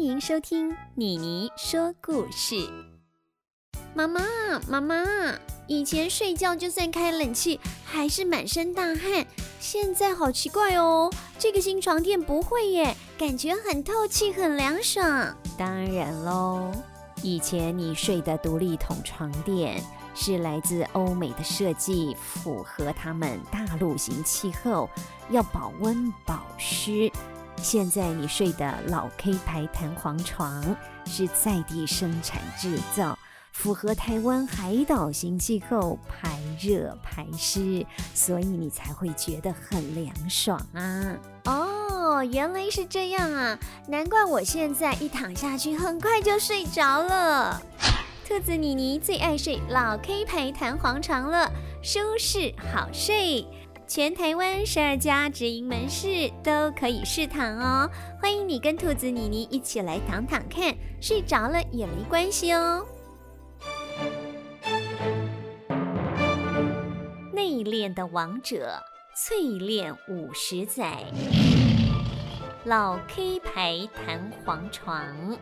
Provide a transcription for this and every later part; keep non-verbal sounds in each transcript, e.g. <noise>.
歡迎收聽妮妮說故事。媽媽，媽媽，以前睡覺就算開冷氣還是滿身大汗，現在好奇怪哦。這個新床墊不會耶，感覺很透氣，很涼爽。當然嘍，以前你睡的獨立筒床墊是來自歐美的設計，符合他們大陸型氣候，要保溫保濕。現在你睡的老 K 牌彈簧床是在地生產製造，符合台灣海島型氣候，排熱排濕，所以你才會覺得很涼爽啊！哦，原來是這樣啊，難怪我現在一躺下去很快就睡着了。兔子妮妮最愛睡老 K 牌彈簧床了，舒適好睡。全台灣十二家直營門市都可以試躺哦，歡迎你跟兔子妮妮一起來躺躺看，睡着了也沒關係哦。內練的王者，淬煉五十載，老 K 牌彈簧床。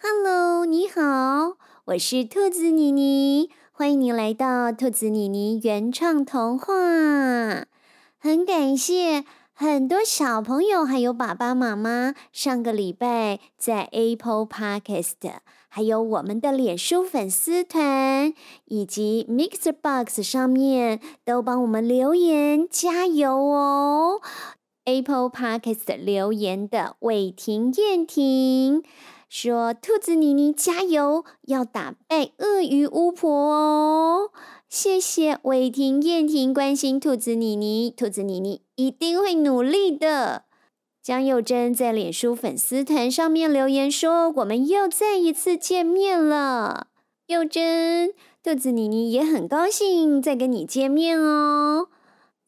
Hello，你好，我是兔子妮妮。歡迎你來到兔子妮妮原創童話，很感謝很多小朋友還有爸爸媽媽，上個禮拜在 Apple Podcast，還有我們的臉書粉絲團以及 Mixer Box 上面都幫我們留言加油哦！Apple Podcast 留言的韋婷、燕婷。說兔子妮妮加油，要打敗鱷魚巫婆哦！謝謝偉婷、燕婷關心兔子妮妮，兔子妮妮一定會努力的。江幼真在臉書粉絲團上面留言說：“我們又再一次見面了，幼真，兔子妮妮也很高興再跟你見面哦。”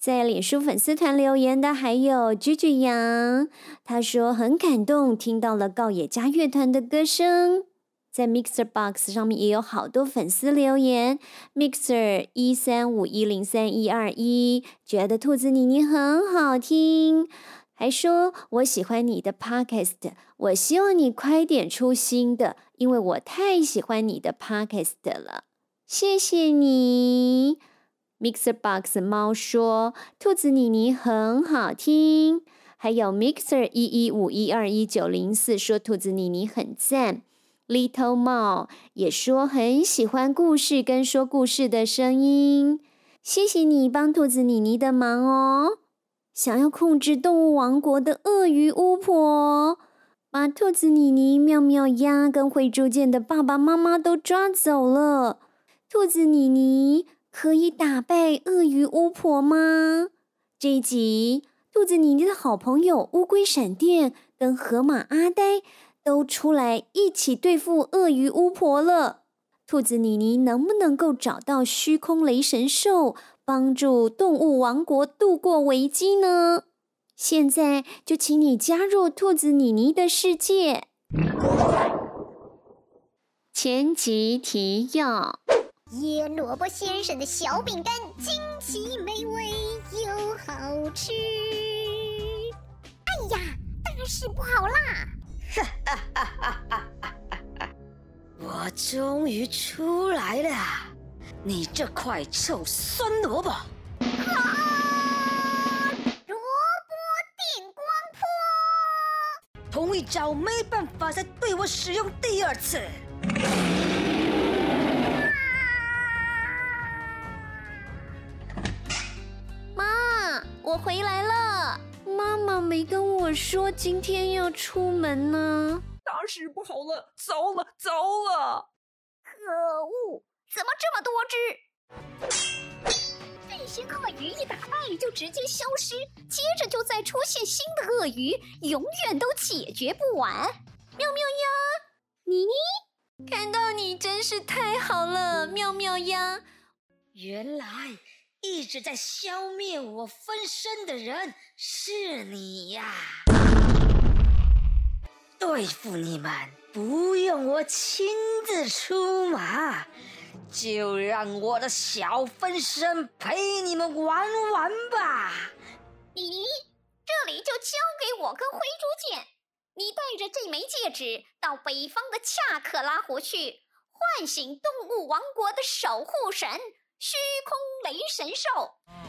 在臉書粉絲團留言的還有菊菊羊，他說很感動，聽到了告野家樂團的歌聲。在 Mixer Box 上面也有好多粉絲留言，Mixer 一三五一零三一二一覺得兔子妮妮很好聽，還說我喜歡你的 Podcast，我希望你快點出新的，因為我太喜歡你的 Podcast 了，謝謝你。Mixer Box 貓說：“兔子妮妮很好聽。”還有 Mixer 一一五一二一九零四說：“兔子妮妮很讚。”Little 貓也說很喜歡故事跟說故事的聲音。謝謝你幫兔子妮妮的忙哦！想要控制動物王國的鱷魚巫婆，把兔子妮妮、妙妙鴨跟會捉劍的爸爸媽媽都抓走了。兔子妮妮。可以打敗鱷魚巫婆嗎？這一集，兔子妮妮的好朋友烏龜閃電跟河馬阿呆都出來一起對付鱷魚巫婆了。兔子妮妮能不能夠找到虛空雷神獸，幫助動物王國度過危機呢？現在就請你加入兔子妮妮的世界。前集提要。醃蘿蔔先生的小餅乾，驚奇美味又好吃。哎呀，大事不好啦！ <laughs> 我終於出來了，你這塊臭酸蘿蔔！啊，蘿蔔電光波！同一招沒辦法再對我使用第二次。回來了，媽媽沒跟我說今天要出門呢。大事不好了！糟了，糟了！可惡，怎麼這麼多隻？這些鱷魚一打敗就直接消失，接着就再出現新的鱷魚，永遠都解決不完。妙妙鴨，妮妮，看到你真是太好了。妙妙鴨，原來。一直在消滅我分身的人是你呀！啊！啊，對付你們不用我親自出馬，就讓我的小分身陪你們玩玩吧。咦，這裡就交給我跟灰豬劍，你帶着這枚戒指到北方的恰克拉湖去，喚醒動物王國的守護神。虛空雷神獸，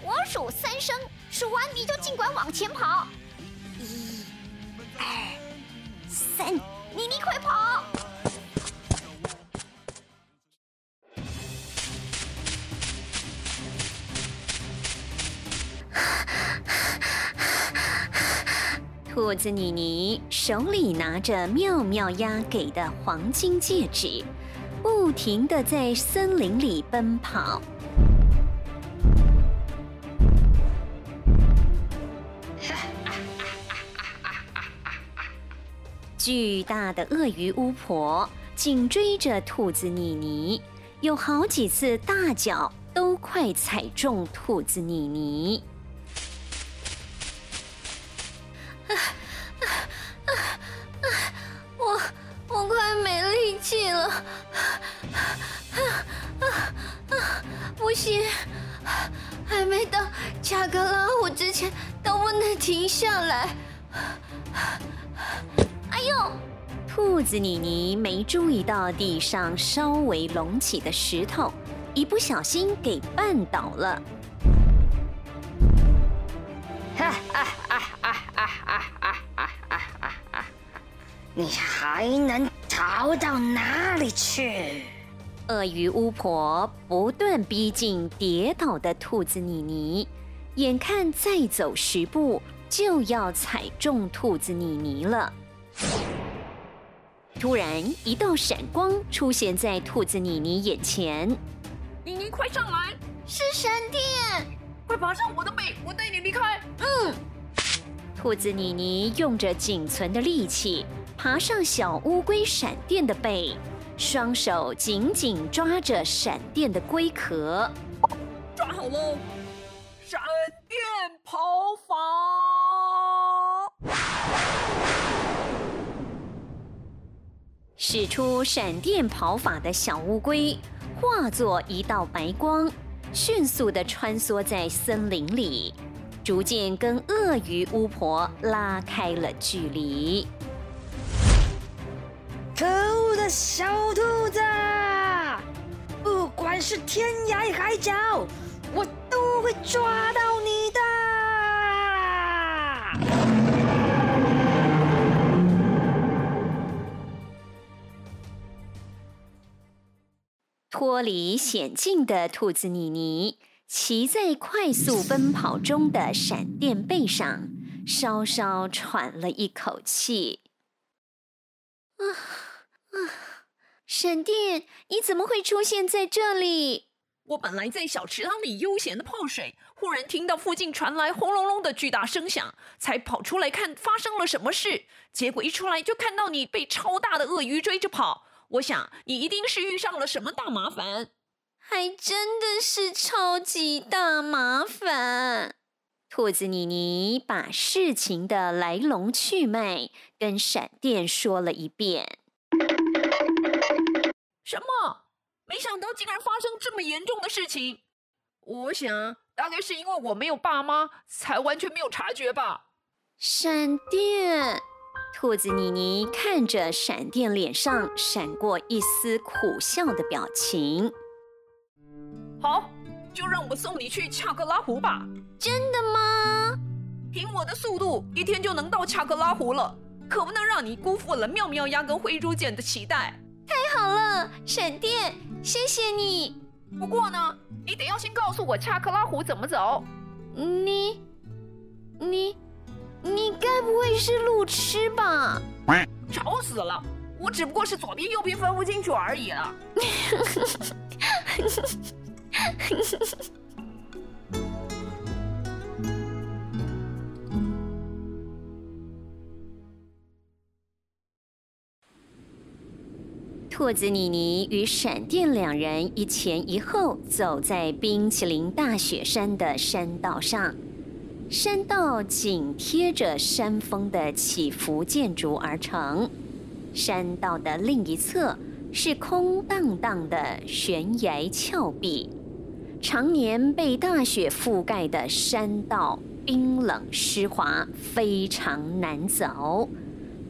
我數三聲，數完你就盡管往前跑。一、二、三，妮妮快跑！ <laughs> 兔子妮妮手裡拿着妙妙鴨給的黃金戒指，不停的在森林裡奔跑。巨大的鱷魚巫婆緊追着兔子妮妮，有好幾次大腳都快踩中兔子妮妮。啊啊啊、我我快沒力氣了，啊啊啊、不行，還沒到加格拉湖之前都不能停下來。兔子妮妮沒注意到地上稍微隆起的石頭，一不小心給絆倒了。啊啊啊啊啊啊啊啊啊啊！你還能逃到哪裡去？鱷魚巫婆不斷逼近跌倒的兔子妮妮，眼看再走十步就要踩中兔子妮妮了。突然，一道閃光出現在兔子妮妮眼前。妮妮，快上來！是閃電，快爬上我的背，我帶你離開。嗯。兔子妮妮用着僅存的力氣爬上小烏龜閃電的背，雙手緊緊抓着閃電的龜殼。抓好嘍！閃電跑法。使出閃電跑法的小烏龜，化作一道白光，迅速的穿梭在森林裡，逐漸跟鱷魚巫婆拉開了距離。可惡的小兔子，不管是天涯海角，我都會抓到。脫離險境的兔子妮妮騎在快速奔跑中的閃電背上，稍稍喘、喘了一口氣。啊啊！閃電，你怎麼會出現在這裡？我本來在小池塘裡悠閒的泡水，忽然聽到附近傳來轟隆隆的巨大聲響，才跑出來看發生了什麼事。結果一出來就看到你被超大的鱷魚追着跑。我想，你一定是遇上了什麼大麻煩，還真的是超級大麻煩。兔子妮妮把事情的來龍去脈跟閃電說了一遍。什麼？沒想到竟然發生這麼嚴重的事情。我想，大概是因為我沒有爸媽，才完全沒有察覺吧。閃電。兔子妮妮看着閃電，臉上閃過一絲苦笑的表情。好，就讓我送你去恰克拉湖吧。真的嗎？憑我的速度，一天就能到恰克拉湖了。可不能讓你辜負了妙妙鴨跟灰豬姐的期待。太好了，閃電，謝謝你。不過呢，你得要先告訴我恰克拉湖怎麼走。你，你。你該不會是路痴吧？喂，吵死了！我只不過是左邊右邊分不清楚而已了。兔 <laughs> 子妮妮與閃電兩人一前一後走在冰淇淋大雪山的山道上。山道緊貼着山峰的起伏建築而成，山道的另一側是空蕩蕩的懸崖峭壁。常年被大雪覆蓋的山道冰冷濕滑，非常難走。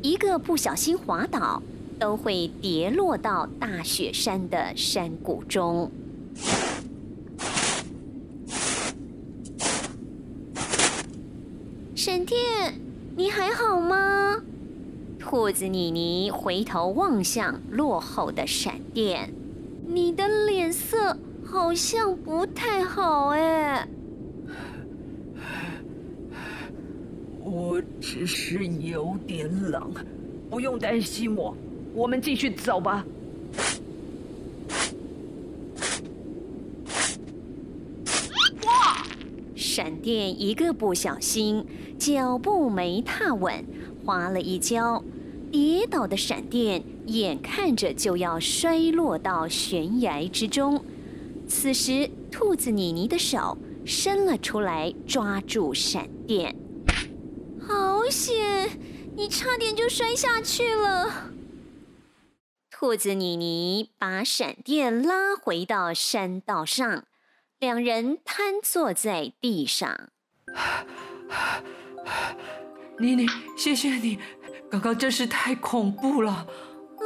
一個不小心滑倒，都會跌落到大雪山的山谷中。你還好嗎？兔子妮妮回頭望向落後的閃電，你的臉色好像不太好哎。我只是有點冷，不用擔心我，我們繼續走吧。哇！閃電一個不小心。腳步沒踏穩，滑了一跤，跌倒的閃電眼看着就要摔落到懸崖之中。此時，兔子妮妮的手伸了出來，抓住閃電。好險，你差點就摔下去了。兔子妮妮把閃電拉回到山道上，兩人癱坐在地上。 <laughs> 妮妮、啊，謝謝你，剛剛真是太恐怖了。啊，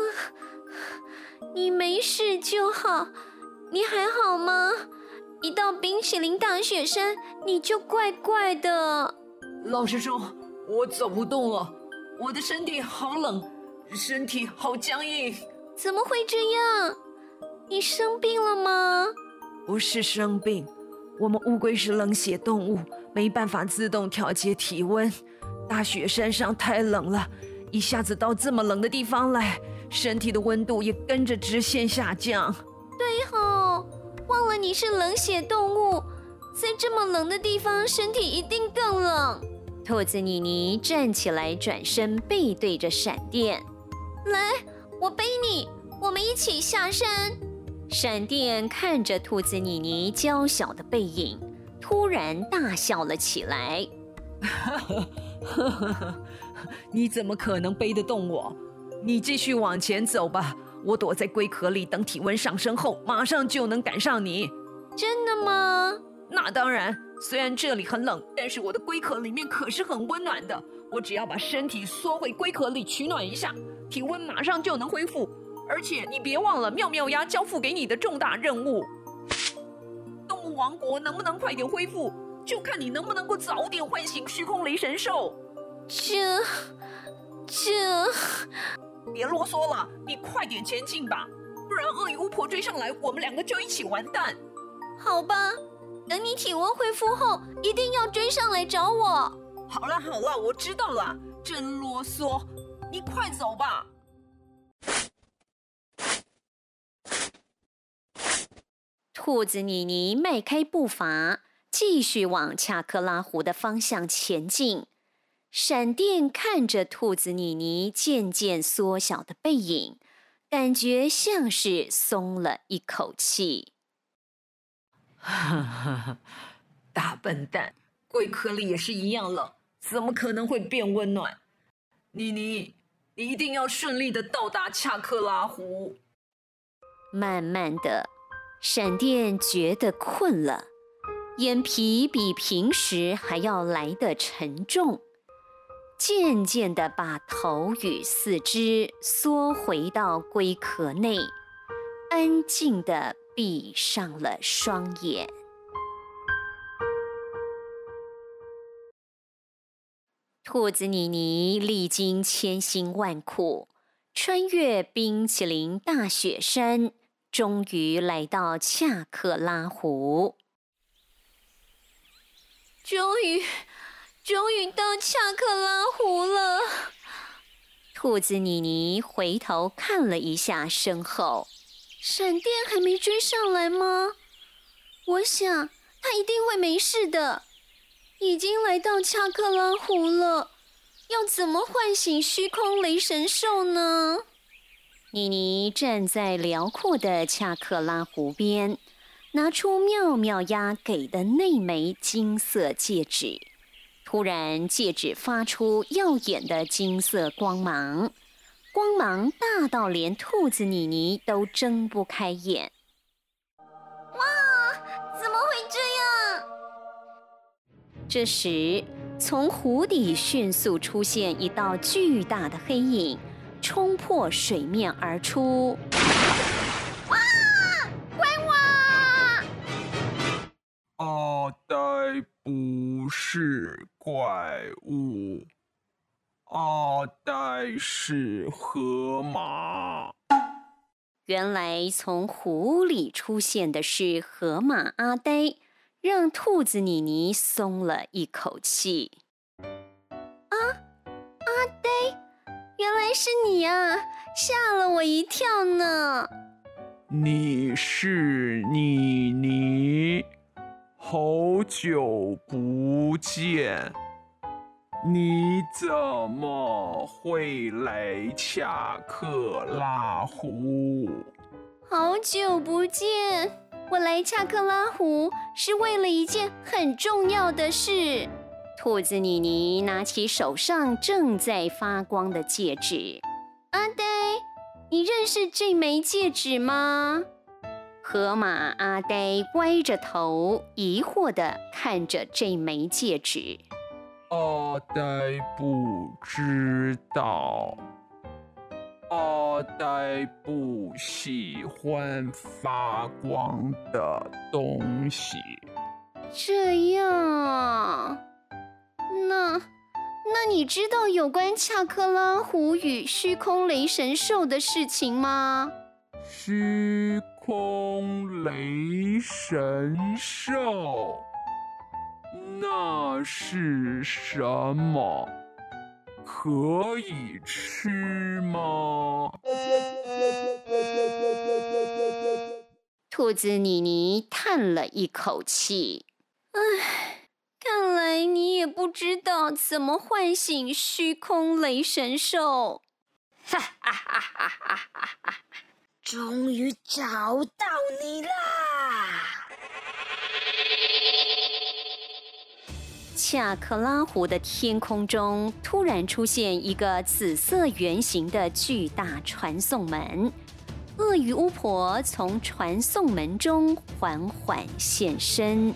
你沒事就好，你還好嗎？一到冰淇淋大雪山，你就怪怪的。老師說，我走不動了，我的身體好冷，身體好僵硬。怎麼會這樣？你生病了嗎？不是生病。我們烏龜是冷血動物，沒辦法自動調節體溫。大雪山上太冷了，一下子到這麼冷的地方來，身體的溫度也跟着直線下降。對吼、哦，忘了你是冷血動物，在這麼冷的地方，身體一定更冷。兔子妮妮站起來，轉身背對着閃電，來，我背你，我們一起下山。閃電看着兔子妮妮嬌小的背影，突然大笑了起來。 <laughs> 你怎麼可能背得動我？你繼續往前走吧，我躲在龜殼裡，等體溫上升後，馬上就能趕上你。真的嗎？那當然。雖然這裡很冷，但是我的龜殼裡面可是很溫暖的。我只要把身體縮回龜殼裡取暖一下，體溫馬上就能恢復。而且你別忘了，妙妙鴨交付給你的重大任務，動物王國能不能快點恢復，就看你能不能夠早點喚醒虛空雷神獸。這這，這別囉嗦了，你快點前進吧，不然鱷魚巫婆追上來，我們兩個就一起完蛋。好吧，等你體溫恢復後，一定要追上來找我。好了好了，我知道了，真囉嗦，你快走吧。兔子妮妮邁開步伐，繼續往恰克拉湖的方向前進。閃電看着兔子妮妮漸漸縮小的背影，感覺像是鬆了一口氣。 <laughs> 大笨蛋，龜殼裡也是一樣冷，怎麼可能會變溫暖？妮妮，一定要順利的到達恰克拉湖。慢慢的。閃電覺得困了，眼皮比平時還要來得沉重，漸漸的把頭與四肢縮回到龜殼內，安靜的閉上了雙眼。兔子妮妮歷經千辛萬苦，穿越冰淇淋大雪山。終於來到恰克拉湖。終於，終於到恰克拉湖了。兔子妮妮回頭看了一下身後，閃電還沒追上來嗎？我想他一定會沒事的。已經來到恰克拉湖了，要怎麼喚醒虛空雷神獸呢？妮妮站在遼闊的恰克拉湖邊，拿出妙妙鴨給的那枚金色戒指。突然，戒指發出耀眼的金色光芒，光芒大到連兔子妮妮都睜不開眼。哇！怎麼會這樣？這時，從湖底迅速出現一道巨大的黑影。衝破水面而出！啊，怪物！阿呆不是怪物，阿呆是河馬。原來從湖裡出現的是河馬阿呆，讓兔子妮妮鬆了一口氣。原來是你呀、啊，嚇了我一跳呢。你是妮妮，好久不見，你怎麼會來恰克拉湖？好久不見，我來恰克拉湖是為了一件很重要的事。兔子妮妮拿起手上正在發光的戒指。阿呆，你認識這枚戒指嗎？河馬阿呆歪着頭，疑惑地看着這枚戒指。阿呆不知道，阿呆不喜歡發光的東西。這樣那，那你知道有關恰克拉湖與虛空雷神獸的事情嗎？虛空雷神獸？那是什麼？可以吃嗎？兔子妮妮嘆了一口氣，唉。看來你也不知道怎麼喚醒虛空雷神獸。哈， <laughs> 終於找到你啦！恰克拉湖的天空中突然出現一個紫色圓形的巨大傳送門，鱷魚巫婆從傳送門中緩緩現身。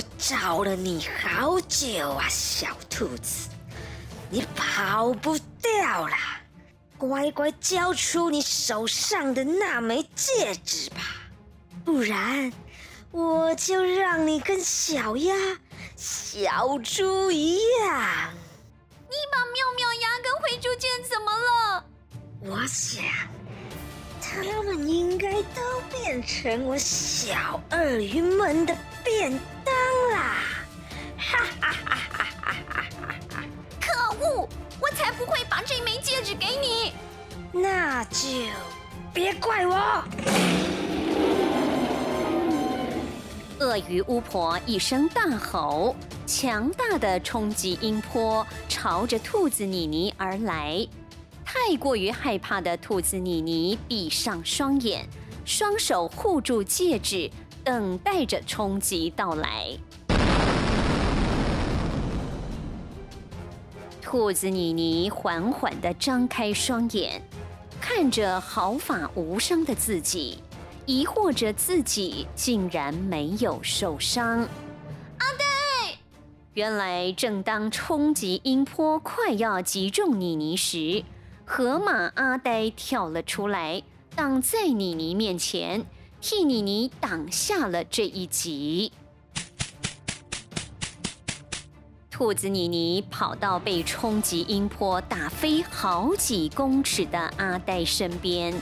我找了你好久啊，小兔子，你跑不掉了，乖乖交出你手上的那枚戒指吧，不然我就讓你跟小鴨、小豬一樣。你把妙妙鴨跟灰豬劍怎麼了？我想，他們應該都變成我小鱷魚們的。便當啦！可惡，我才不會把這枚戒指給你！那就別怪我！鱷魚巫婆一聲大吼，強大的衝擊音波朝着兔子妮妮而來。太過於害怕的兔子妮妮閉上雙眼，雙手護住戒指。等待着衝擊到來。兔子妮妮緩緩的張開雙眼，看着毫髮無傷的自己，疑惑着自己竟然沒有受傷。阿呆、啊對，原來正當衝擊音波快要擊中妮妮時，河馬阿呆跳了出來，擋在妮妮面前。替妮妮擋下了這一擊，兔子妮妮跑到被衝擊音波打飛好幾公尺的阿呆身邊，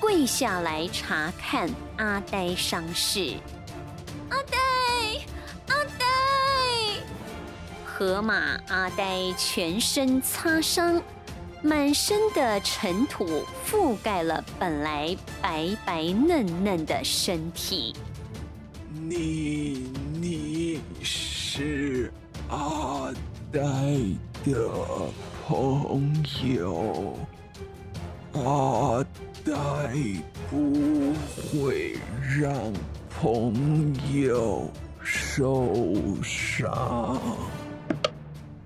跪下來查看阿呆傷勢。阿呆，阿呆，河馬阿呆全身擦傷。滿身的塵土覆蓋了本來白白嫩嫩的身體。你，你是阿呆的朋友，阿呆不會讓朋友受傷。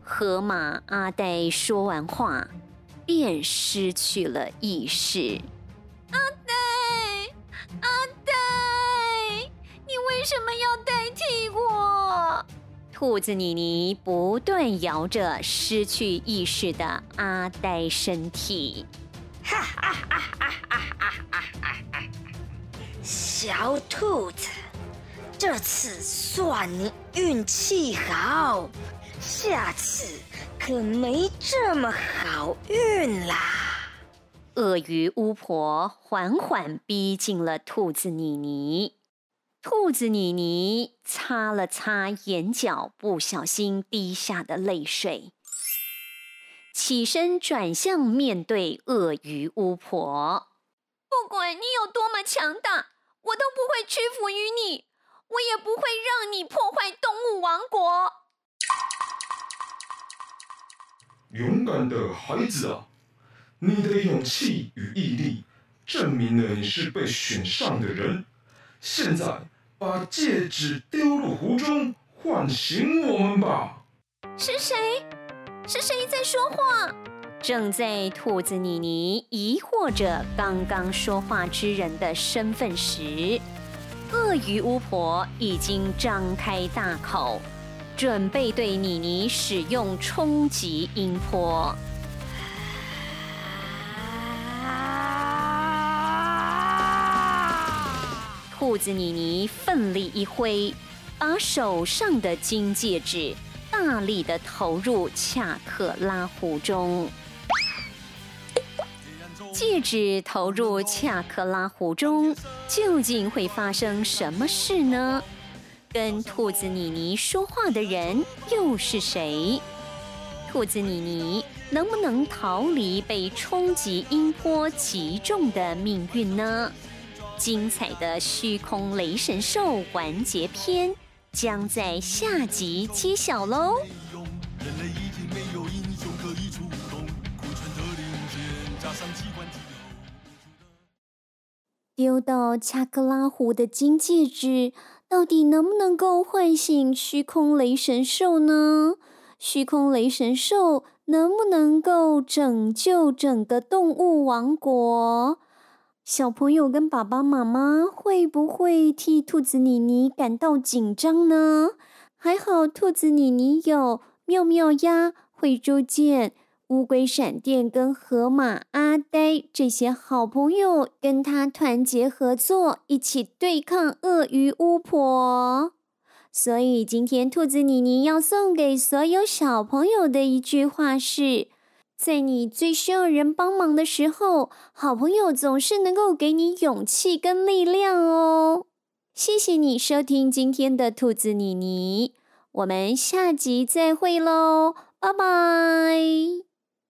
河馬阿呆說完話。便失去了意識。阿呆，阿呆，你為什麼要代替我？兔子妮妮不斷搖着失去意識的阿呆身體。哈啊啊啊啊啊啊啊啊！小兔子，這次算你運氣好，下次。可沒這麼好運啦！鱷魚巫婆緩緩逼近了兔子妮妮。兔子妮妮擦了擦眼角不小心滴下的淚水，起身轉向面對鱷魚巫婆：“不管你有多麼強大，我都不會屈服於你，我也不會讓你破壞動物王國。”勇敢的孩子啊，你的勇氣與毅力證明了你是被選上的人。現在把戒指丟入湖中，喚醒我們吧。是誰？是誰在說話？正在兔子妮妮疑惑着剛剛說話之人的身份時，鱷魚巫婆已經張開大口。準備對妮妮使用衝擊音波。兔子妮妮奮力一揮，把手上的金戒指大力的投入恰克拉湖中。戒指投入恰克拉湖中，究竟會發生什麼事呢？跟兔子妮妮說話的人又是誰？兔子妮妮能不能逃離被衝擊音波擊中的命運呢？精彩的虛空雷神獸完結篇將在下集揭曉嘍！丟到恰克拉湖的金戒指，到底能不能夠喚醒虛空雷神獸呢？虛空雷神獸能不能夠拯救整個動物王國？小朋友跟爸爸媽媽會不會替兔子妮妮感到緊張呢？還好，兔子妮妮有妙妙鴨會捉見。烏龜、閃電跟河馬、阿呆這些好朋友跟他團結合作，一起對抗鱷魚巫婆。所以今天兔子妮妮要送給所有小朋友的一句話是：在你最需要人幫忙的時候，好朋友總是能夠給你勇氣跟力量哦。謝謝你收聽今天的兔子妮妮，我們下集再會嘍，拜拜。